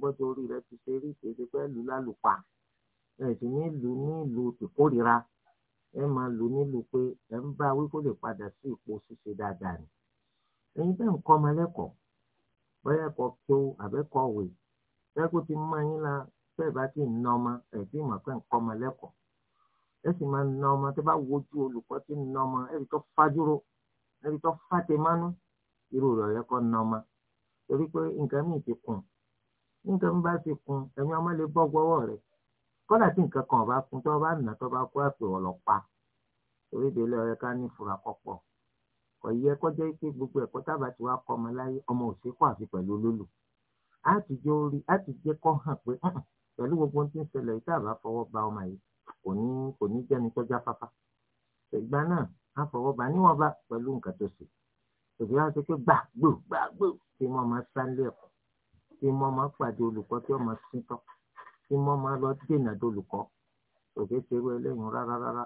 bọ́jọ́ orí rẹ ti ṣe rí ìṣèlú fẹ́ lù lálùpà ẹ sì ní lù ní ìlú ìkórira ẹ máa lù nílùú pé ẹ ń bá wí kó lè padà sí ipò ṣíṣe dáadáa ni ẹ̀yin bẹ́ẹ̀ ń kọ́ ọmọ ẹlẹ́kọ̀ọ́ bẹ́ẹ̀ kọ́ tó àbẹ́kọ̀wé bẹ́ẹ̀ kó ti mọ yín la bẹ́ẹ̀ bá ti na ọmọ ẹ̀ tí mà pé ń kọ́ ọmọ lẹ́kọ̀ọ́ ẹ sì máa na ọmọ tó bá wojú olùkọ́ tí ń na ọmọ ẹ̀rí tó fájúró ẹ̀rí tó fàtẹ́mánú irú rẹ̀ lẹ́kọ́ na ọmọ torí pé nǹkan míì ti kùn nítorí bá ti kun ẹ̀mí ọmọ lè bọ́ gbọ́wọ́ rẹ̀ kọ́dà tí nǹkan kan ọba kun tó bá nà tó bá kó àpè ọlọ́pàá torí délé ọ̀rẹ́ ká ní ìfura kọ́pọ̀ kò yẹ kọjá pé gbogbo ẹ̀kọ́ tábà ti wá kọ́ ọmọ láyé ọmọ òṣèkọ́ àfi pẹ̀lú olólù á ti jẹ́ orí á ti jẹ́ kọ́ hàn pé pẹ̀lú gbogbo ohun tí ń ṣẹlẹ̀ yìí tábà fọwọ́ ba ọmọ yìí kò ní kò ní jẹ́ni tọ́já ìgbà náà á fọwọ́ ba níwọ̀n bá pẹ̀lú nǹkan tó ṣe òbí wa ṣe pé gbà gbò gbà gbò tí wọ́n máa sá lé ẹ̀kọ́ tí mo máa pàdé olùkọ́ tí ọmọ sí tán tí mo máa lọ dènà dolùkọ́ òkè ṣerú ẹlẹ́yìn rárá rárá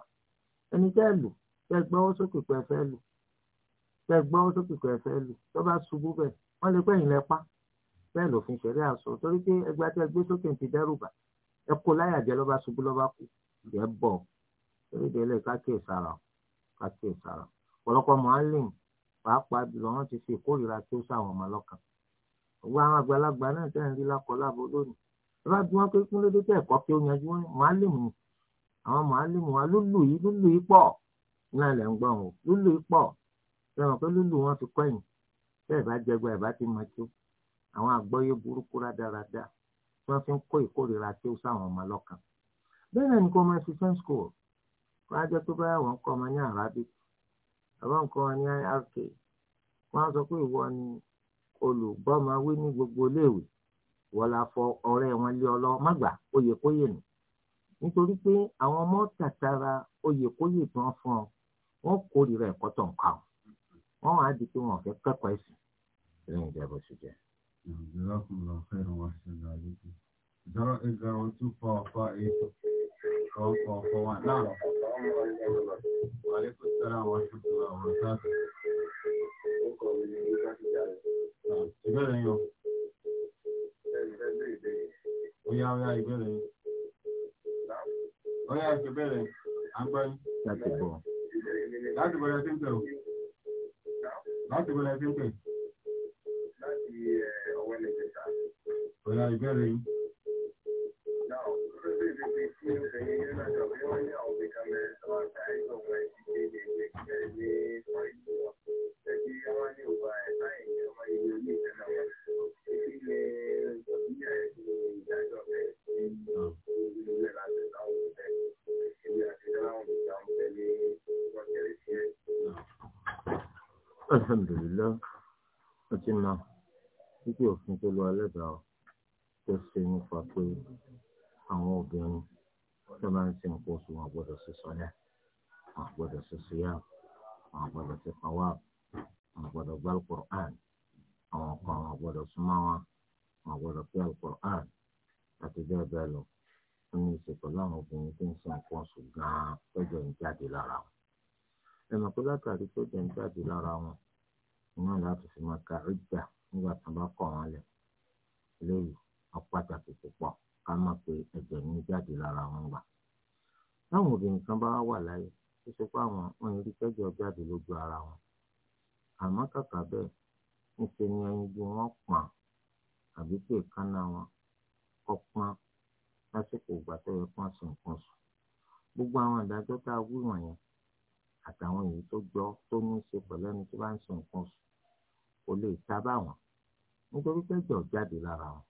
ẹni tẹ́ lù tẹ́ gbọ́wọ́ sókè pẹ́ fẹ́ lù tẹ́ gbọ́wọ́ sókè pẹ́ fẹ́ lù tó bá ṣubú bẹ́ẹ̀ wọ́n lè pẹ́yìn lẹ́pá bẹ́ẹ̀ lòfin ṣẹ̀rí àṣọ torí pé ẹgbẹ́ tẹ́ gbé sókè ti dẹ́rùbà ẹ kó láyà jẹ́ lọ́ba ṣubú lọ́ba kú ìyẹ́ bọ̀ torí ìdẹ́lẹ̀ kákìí sára kákìí sára ọ̀pọ̀lọpọ̀ mọ̀álìn pàápàá jùlọ wọ́n ti fi ìkórìíra tó sáwọn ọmọ lọ́kàn gbogbo àwọn àgbàlagbà náà tẹ̀ ń rí lákọlábo lónìí ẹ bá bí wọn pé kún lóde tẹ̀ kọ́ kí ó yanjú wọn màálìmù ni àwọn màálìmù wa lúlù yìí lúlù yìí pọ̀ náà lẹ̀ ń gbọ́ wọn lúlù yìí pọ̀ ṣe mọ̀ pé lúlù wọn ti kọ́yìn bẹ́ẹ̀ bá jẹgbẹ́ ẹ̀ bá ti mọ tó àwọn àgbọ́yé burúkú rádaràda tí wọ́n fi ń kó ìkórìíra tó sáwọn ọmọ lọ́kàn bẹ́ẹ̀ náà ni kò máa ṣiṣẹ́ school kó á jẹ́ pé báyà wọ́n kọ́ ọmọ ní Arabic àbá wọ́n á sọ pé ìwọ ni olùgbọ́mọwé ní gbogbo iléèwé wọ́n la fọ ọ̀rẹ́ wọn lé ọlọ́ mọ́gbà oyèkóyè nù nítorí pé àwọn ọmọ tàtàrà oyèkóyè tí wọ́n fún ọ wọ́n kórìíra ẹ̀kọ́ tó nǹkan wọ́n wàá di pé wọ́n fẹ́ kẹ́kọ̀ọ́ ẹ̀sìn lẹ́yìn ìjẹ́bù sí jẹ́. zero eight zero two four four eight four four four one láàárọ̀. Wàlékún sára alhamdulillah ó ti ma títí òfin tó lọ ẹlẹ́dàá tó ṣe nípa pé àwọn obìnrin tó bá ń ṣe nǹkan oṣù wọn gbọ́dọ̀ ṣe sọ́lẹ̀ wọn gbọ́dọ̀ ṣe ṣíyà wọn gbọ́dọ̀ ṣe pàwọ́ wọn gbọ́dọ̀ gbá alukur'an àwọn kan wọn gbọ́dọ̀ súnmọ́ wọn wọn gbọ́dọ̀ pé alukur'an àti bẹ́ẹ̀ bẹ́ẹ̀ lọ ó ní ìṣe pẹ̀lú obìnrin tó ń ṣe nǹkan oṣù gan-an pẹ́jọ ń lára wọn ẹnì kó látàrí tó jẹ́ ń jáde lára wọn iná láti fi máa ka ìjà nígbà tó bá kọ̀ wọ́n lẹ̀ léyìí ọ̀pàtàkì púpọ̀ ká mọ̀ pé ẹ̀jẹ̀ ní jáde lára wọn gbà. táwọn obìnrin kan bá wà láyé tó ṣe pé àwọn wọn rí kẹ́jọ jáde lójú ara wọn àmọ́ kàkà bẹ́ẹ̀ ńṣe ni ẹyinjú wọn pọ̀n àbí pé ìkánná wọn kọ́ pọ́n lásìkò ìgbà tó yẹ kí wọ́n sì sùn. gbogbo àwọn ìdájọ́ tá a wí wọ̀nyẹn àtàwọn èyí tó gbọ́ tó ní í ṣe pẹ̀lú ẹni tó bá ń ṣe nǹkan oṣù kò lè ta bá wọn nítorí pé ẹ̀jẹ̀ ò jáde lára wọn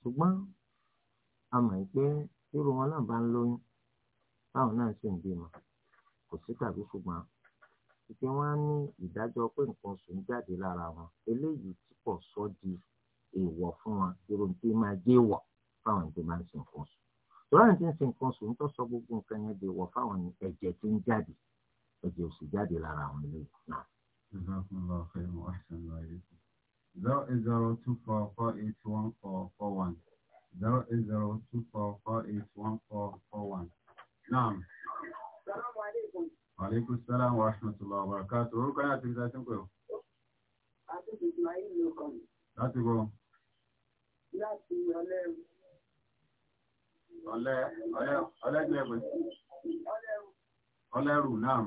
ṣùgbọ́n a mọ̀ pé irú wọn náà bá ń lóyún báwọn náà ṣe ń bímọ kò sí tàbí ṣùgbọ́n ìpè wọn á ní ìdájọ́ pé nǹkan oṣù jáde lára wọn eléyìí tí kò sọ di èèwọ̀ fún wọn irú tí máa jẹ́ èèwọ̀ fáwọn tí máa ń ṣe nǹkan oṣù tòun àti ń ṣe nǹkan oṣù ń tọ́ sọ gbogbo nǹkan yẹn di èèwọ̀ fáwọn ẹ̀jẹ̀ tí ń jáde ẹ̀jẹ̀ òsì jáde lára àwọn ilé náà. zero eight zero two four four eight one four four one zero eight zero two four four eight one four four one. naam. salaamaleykum. maaleykum salaam wa rahmatulah wa barakatu. orúkọ yẹn àti ibi tí a ti ń pè ọ́. àti ìsmail ló láti bọ̀. láti ọlẹ́ ọlẹ́ ọlẹ́ ọlẹ́ jẹ́ ẹ̀bùn. ọlẹ́rù. naam.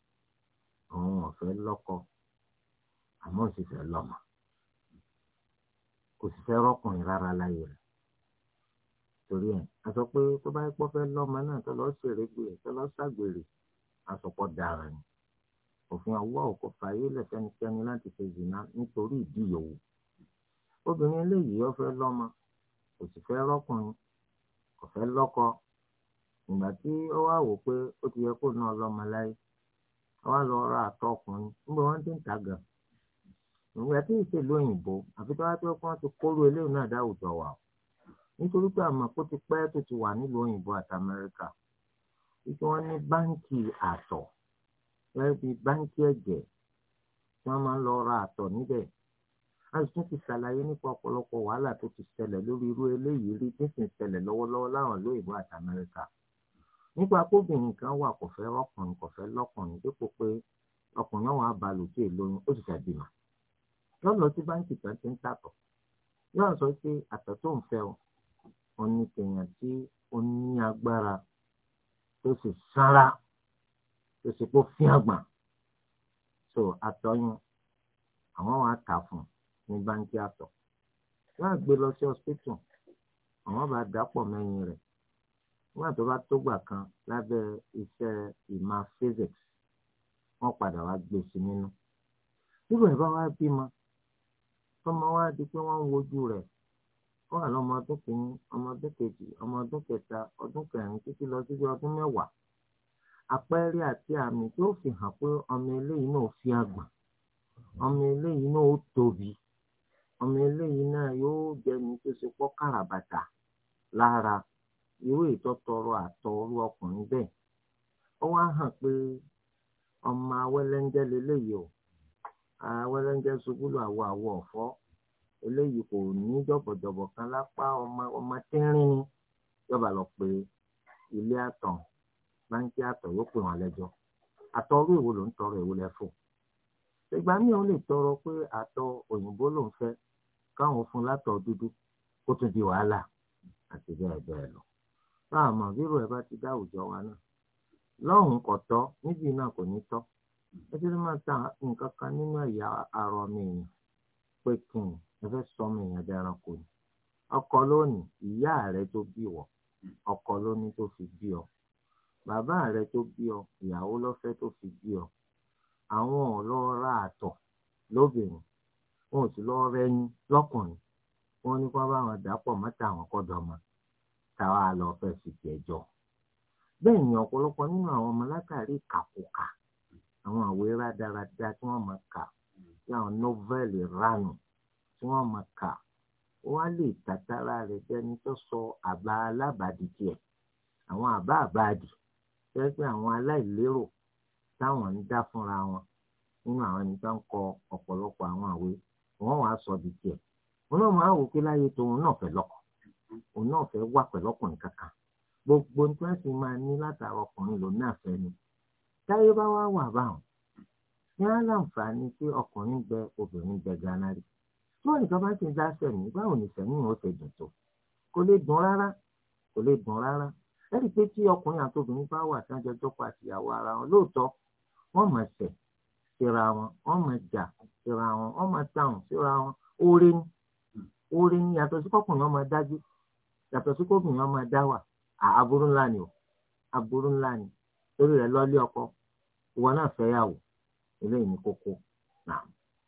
àwọn ọ̀fẹ́ lọ́kọ àmọ́ òṣìṣẹ́ lọ́mọ kò sì fẹ́ rọ́kùnrin rárá láyé rẹ̀ torí ẹ̀ a sọ pé tó bá pọ́ fẹ́ lọ́mọ náà tó lọ́ọ́ ṣèrégbè tó lọ́ọ́ ṣàgbèrè àsopọ̀ dára ni òfin ọwọ́ òkò fàyè lẹ́fẹ̀ẹ́nikẹ́ni láti ṣe zina nítorí ìdí yòówù obìnrin eléyìí ó fẹ́ lọ́mọ kò sì fẹ́ rọ́kùnrin kò fẹ́ lọ́kọ ìgbà tí ó wá wò pé ó ti yẹ kó ná lọ́mọ láyé wọ́n lọ ra àtọ̀ ọkùnrin nígbà wọ́n ti ń ta ìgbà tí ìṣèlú òyìnbó àfi tó wá pé wọ́n ti kóró eléyìí náà dáwùjọ wà o nítorí pé àmọ́ kó ti pẹ́ tó ti wà nílùú òyìnbó àti Amẹ́ríkà wípé wọ́n ní àtọ̀ ẹ̀jẹ̀ tí wọ́n máa ra àtọ̀ níbẹ̀ a sì tún ti ṣàlàyé nípa ọ̀pọ̀lọpọ̀ wàhálà tó ti ṣẹlẹ̀ lórí irú eléyìí rí tí sì ń ṣẹlẹ̀ lọ́wọ́lọ́wọ́ láwọn nípa kóbìnrin kan wà kò fẹ́ ọkùnrin kò fẹ́ lọ́kùnrin dípò pé ọkùnrin náà wà á balò tí èlóyún ó sì ṣàbímọ lọ́lọ́ tí báńkì kan ti ń tàtọ̀ yóò sọ pé àtọ̀ tó ń fẹ́ o ò ní kèèyàn tí ó ní agbára tó sì sanra tó sì kó fín àgbà so àtọyún àwọn wàá kà fún ní báńkì àtọ̀ wọ́n á gbé lọ sí hospital àwọn bá dàpọ̀ mẹ́yìn rẹ̀ nígbà tó bá tógbà kan lábẹ́ iṣẹ́ ìmọ̀ physics wọ́n padà wá gbé e sí nínú. nígbà ìbá wa bímọ tọmọ wa di pé wọ́n ń wojú rẹ̀ ó wà lọ́mọ ọdún kìíní ọmọ ọdún kejì ọmọ ọdún kẹta ọdún kẹrin títí lọ síbi ọdún mẹ́wàá àpẹẹrẹ àti àmì tó fi hàn pé ọmọ eléyìí náà fi àgbà ọmọ eléyìí náà ó tóbi ọmọ eléyìí náà yóò jẹni tó ṣe pọ́ káràbàtà lára irú ìtọ́tọrọ àtọ̀ orú ọkùnrin bẹ́ẹ̀ ó wá hàn pé ọmọ awẹ́lẹ́ńjẹ́ leléyìí o awẹ́lẹ́ńjẹ́ ṣubúlù àwọ̀ àwọ̀ ọ̀fọ́ eléyìí kò ní jọ̀bọ̀jọ̀bọ̀ kan lápá ọmọ ọmọ tínrín ni yọba lọ pé ilé àtọ̀ báńkì àtọ̀ yóò pè wọ́n lẹ́jọ́ àtọ̀ orú ló ń tọrọ èwo lẹ ìgbà míì ó lè tọrọ pé àtọ̀ òyìnbó ló fẹ́ káwọn fún látọ̀ dúdú kó tún di wàhálà àti bẹ́ẹ̀ bẹ́ẹ̀ lọ. tá a mọ̀ bírò bá ti dá àwùjọ wa náà lọ́hùn kò tọ́ níbí náà kò ní ẹ ti ta nǹkan kan nínú arọ mi èèyàn pé kí n ẹ fẹ́ sọ mi ìyá rẹ tó bí wọ ọkọ tó fi bí ọ bàbá rẹ tó bí ọ ìyàwó fi bí ọ àwọn àtọ̀ lóbìnrin wọn ò sì bá wọn dà pọ̀ mọ́ta àwọn kọ́dọ̀ táwa lọ fẹ́ fi jẹjọ́ bẹ́ẹ̀ ni ọ̀pọ̀lọpọ̀ nínú àwọn ọmọ látàrí kàkùkà àwọn àwé rádaràda tí wọ́n máa kà tí àwọn nọ́vẹ́lì ránù tí wọ́n máa kà wọ́n á lè tàtàrà rẹ̀ jẹ́ni tó sọ àbá alábàádì tiẹ̀ àwọn àbá àbáàdì jẹ́ pé àwọn aláìlérò táwọn ń dá fúnra wọn nínú àwọn ẹni tó ń kọ ọ̀pọ̀lọpọ̀ àwọn àwé wọ́n wàá sọ di tiẹ̀ wọn náà máa wò pé láyé tòun náà fẹ́ lọ́kọ̀ òun náà fẹ́ wà pẹ̀lú ọkùnrin kankan gbogbo tí wọ́n sì máa ní látara ọkùnrin lòun náà fẹ́ ni táyé bá wá wà báwọn ní aláǹfààní pé ọkùnrin gbẹ obìnrin gbẹ gánà rí tí wọ́n nìkan bá ti dá sẹ́mi báwo ni sẹ́mi ò ṣe dùn tó kò lè dùn rárá kò lè dùn rárá ẹ̀rí pé tí ọkùnrin àti obìnrin bá wà tí wọ́n jọ jọ́pọ̀ àtìyàwó ara wọn lóòótọ́ wọ́n máa ṣẹ̀ síra wọn wọ́n máa jà síra wọn wọ́n máa tàùn síra wọn oore ni oore ni yàtọ̀ sí kọkùnrin ọmọ dájú yàtọ̀ sí kófìyàn máa dá wà aburú ńlá ni o aburú ńlá ni torí rẹ̀ lọ́lé ọkọ ìwọ náà fẹ́yàwó eléyìí ní kókó náà.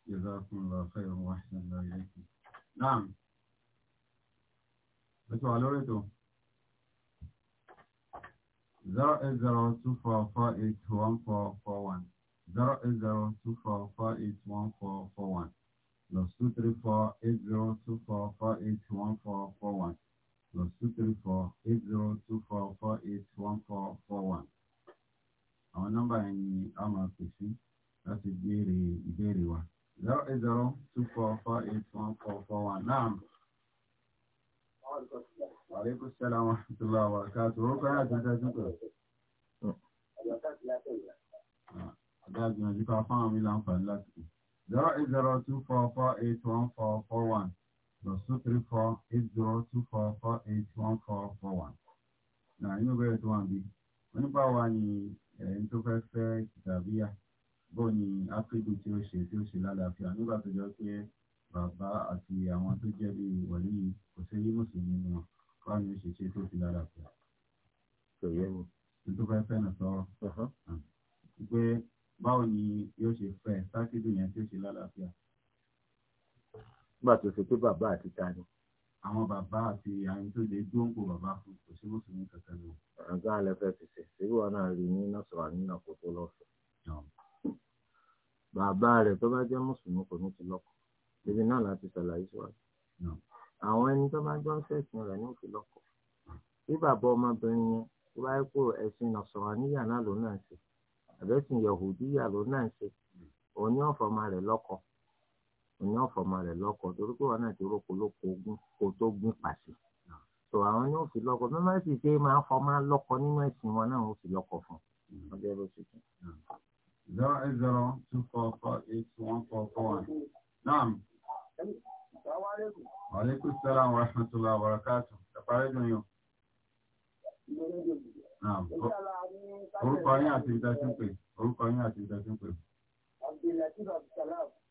Jazakumullahu khairan wa ahsanallahu ilaykum. Naam. Ètò àlórí ètò. Zero eight zero two four four eight one four four one zero eight zero two four four eight one four four one plus two three four eight zero two four four eight one four four one plus two three four eight zero two four four eight one four four one. àwọn nọ́mbà yẹn ni a máa pè sí láti béèrè ìbéèrè wa zero eight zero two four four eight one four four one náà. Aleykum salaam wa rahmatullahi wa barakatuh. Orúkọ yẹn àti ẹ̀ka ìdúgbò. Ọ̀gá ìgbìyànjú kan fáwọn mi láǹfààní láti Zero eight zero two four four eight one four four one plus two three four eight zero two four four eight one four four one. Nà inú bẹ̀rẹ̀ tó wọ́n bí. Onípa wa ni ẹni tó fẹ́ fẹ́ kìtàbíyà bó ni áfíríkù tí ó ṣe tí ó ṣe lálàáfíà nígbà tó jọ pé bàbá àti àwọn tó jẹ́ bí wọ̀lú yìí kò sí yí mùsùlùmí nínú wọn báwo ni ó ṣe ṣe tó fi lálàáfíà. Ẹni tó fẹ́ fẹ́ nà sọ̀rọ̀. Uh-huh. Pé báwo ni yóò ṣe fẹ́ sákìdù yẹn tí ó ṣe lálàáfíà nígbà tó ṣe pé bàbá àti ta ni. àwọn bàbá àti àwọn tó lè gbóǹkò bàbá fún kò sí mùsùlùmí kankan lọ. àgbà alẹ́ fẹ́ ti ṣe síbí wọn náà rí ní nọ́ọ̀sọ̀rọ̀ ní àkókò lọ́sọ̀ọ́. bàbá rẹ̀ tó bá jẹ́ mùsùlùmí kò ní ti lọ́kọ ibi náà láti ṣàlàyé síwájú. àwọn ẹni tó bá jọ ń ṣẹ̀sìn rẹ̀ ní òfin lọ́kọ bí bàbá ọmọbìnrin yẹn tó bá kó ẹ̀sìn nọ̀sọ̀rọ̀ ní ọ̀fọ̀mọ rẹ̀ lọ́kọ torí pé wọn náà ti roko lóko ogún kó tó gún pàṣẹ. tó àwọn ní òfin lọ́kọ bí wọ́n sì ṣe máa fọ́ máa lọ́kọ nínú ẹ̀sìn wọn náà ó fi lọ́kọ fún un. zero eight zero two four four eight one four four one naam. aleykum salaam wa rahmatulah wa barakatu ẹ̀pàrẹ́ dùn yín o. naam orúkọ yín àti ìdásí ń orúkọ yín àti ìdásí ń pè. abdulaziz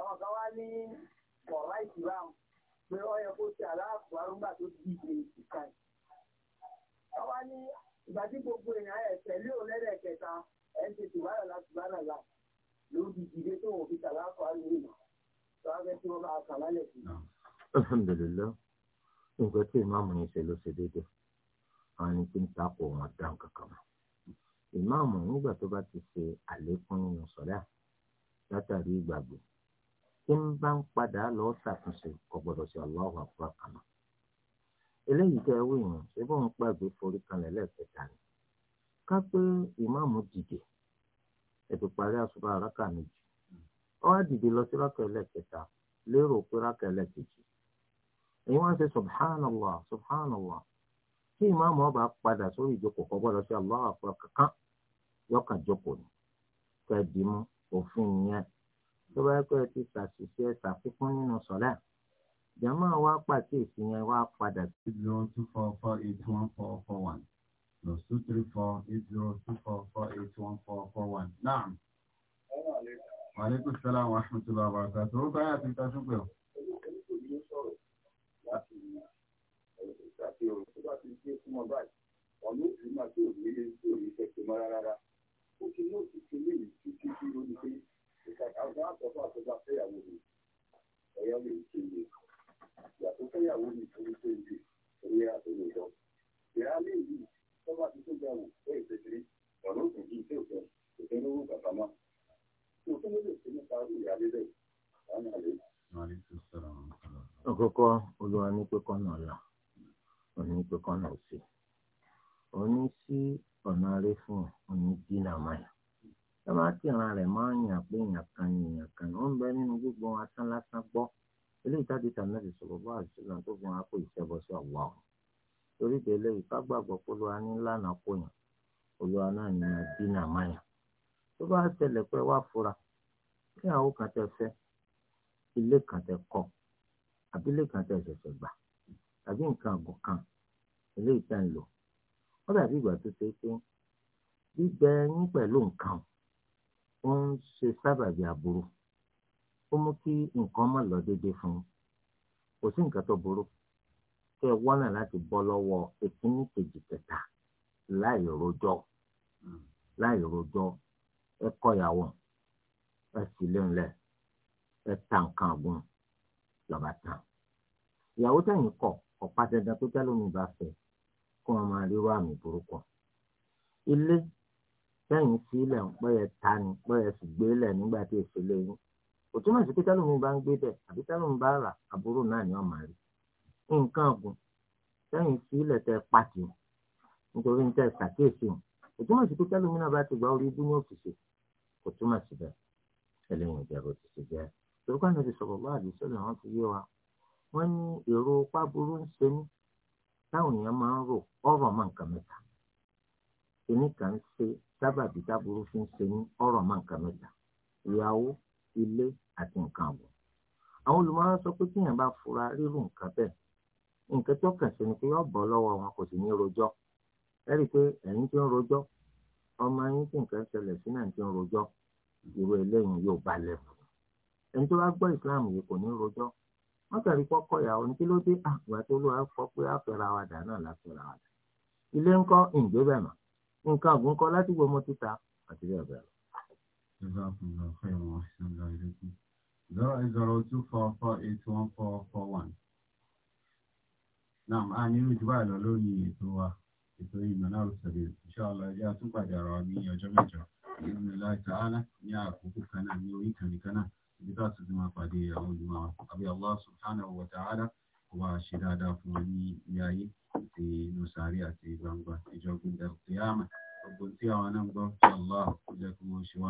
àwọn kan wá ní ọ̀rá ìsìláàmù pé ó yẹ kó ṣe aláàfù arúgbà tó di ìgbè ìsìnká ẹ̀. àwa ní ìgbà tí gbogbo èèyàn ẹ̀ tẹ̀lé òun lẹ́rẹ̀ kẹta ẹ̀ ń ṣe tìbára láti bára là lórí ìdílé tó wọ́n fi ṣàláàfù arúgbó náà tó wá fẹ́ tí wọ́n bá a kàlálẹ̀ sí. alhamdulilayi nǹkan tí ìmáàmù yẹn ṣe ló ṣe déédéé àwọn ẹni tí ń takò wọn dán kankan mọ́ ìmáàmù nígbà tó bá ti ṣe àlékún nínú sọ́dá látàrí ìgbàgbọ́ tí ń bá ń padà lọ ṣàtúnṣe kò gbọdọ̀ ṣe aláwọ̀ àpá kàmá. eléyìí tẹ́ wí yẹn ṣé bóun pàgbé forí kanlẹ̀ lẹ́ẹ̀kẹta ni ká pé ìmáàmù dìde ètò parí àṣùbà rákà méjì ó wá dìde lọ sí ẹlẹ́ẹ̀kẹta lérò pé ẹlẹ́ẹ̀kejì èyí ṣe subhanallah subhanallah tí ìmáàmù ọba padà sórí ìjókòó kò gbọdọ̀ ṣe aláwọ̀ kankan yọkàn jókòó ni tó bá pẹ́ ti ṣàṣìṣe ṣàfikún nínú sọ̀lá jàmá wa pàkíyèsí yẹn wá padà. eight zero two four four eight one four four one plus two three four eight zero two four four eight one four four one naam. wàlẹ́kùn sálàmù àṣùntúlọ̀ àbàtà tó báyà ti ta súnpẹ̀ o. sọ́nà ọ̀la òní na kọ́nà sí òní ọ̀nà rí fún òní dínà máyà máa ń yàn pé èèyàn kan ni kan ó ń bẹ nínú gbogbo wọn asán lásán gbọ́ ilé ìtàgé tàbí ti sọ̀rọ̀ bá àṣìlá tó fi wọn kó ìṣẹ́bọ sí fura kí àwọn kan tẹ ilé kan tẹ tàbí nǹkan àgùn kan eléyìí tá ń lò ó dàbí ìgbà tó ṣe pé gbígbẹ yín pẹ̀lú nǹkan ó ń ṣe sábàbí aburú ó mú kí nǹkan má lọ déédéé fún un kò sí nǹkan tó burú kẹ́ ẹ wọ́nà láti bọ́ lọ́wọ́ ìkíní kejì kẹta láì rojọ́ hmm. láì rojọ́ ẹ kọ́yàwó ẹ sì lẹ́nlẹ̀ ẹ ta nǹkan àgùn lọ́ba tán ìyàwó tẹ̀yìn kọ̀ ọ̀pá dandan tó tẹ́lómi bá fẹ́ kó wọn máa ríro àmì burúkú. ilé sẹ́yìn sí ilẹ̀ ń pẹ́ yẹ ta ni pẹ́ yẹ sì gbé lẹ̀ nígbà tí èso lé yín kò túmọ̀ sí pé tẹ́lómi bá ń gbé bẹ̀ àbí tẹ́lómi bá rà àbúrò náà ni wọ́n máa rí nǹkan ọ̀gùn sẹ́yìn sí ilẹ̀ tẹ́ pàtì nítorí ń tẹ́ ṣàkíyèsí kò sí pé tẹ́lómi náà bá ti gba orí ibú ní òfìsè wọ́n ní èrò pàbùrú ń ṣe mí táwọn èèyàn máa ń rò ọ̀rọ̀ máa ń kà mẹ́ta èmi kà ń ṣe sábàbí táburú fi ń ṣe mí ọ̀rọ̀ máa ń kà mẹ́ta ìyàwó ilé àti nǹkan ààbò àwọn olùmọ̀ràn sọ pé tíyẹn bá fura rírú nǹkan bẹ́ẹ̀ nǹkan tó kàn sí ni pé yọ bọ́ lọ́wọ́ wọn kò sì ní rojọ́ ẹ rí i pé ẹ̀yin tí ń rojọ́ ọmọ yín tí nǹkan ṣẹlẹ̀ sí náà tí ń rojọ́ ìró eléyìí yóò balẹ̀ fún ẹni tó bá gbọ́ ìsìláàmù yìí kò ní rojọ́ wọ́n kàrí kọ́kọ́ ìyàwó ní kí ló dé àgbà tó ló wá pé àfẹ́ra wa dà náà láfẹ́ra wa dà ilé ńkọ́ ìgbé bẹ̀ mọ́ nǹkan ọ̀gùn kọ́ láti wo mo àti bẹ́ẹ̀ bẹ́ẹ̀ lọ. zero two four four eight one four four one. a nílò jù báyìí lọ lórí ètò wa, ètò ìmọ̀ náà sọ̀rọ̀ àtúnpàdé ní ọjọ́ mẹ́jọ. ibi tá a ti máa pàdé àwọn olùmọ̀ àbí Allah subhanahu wa ta'ala kó wá ṣe dáadáa fún wa ní ilé ayé àti inú sàárè àti gbangba ìjọ gbẹdẹ òkè àmà gbogbo tí àwọn náà ń gbọ́ Allah kó jẹ́ kí wọ́n ṣe wá.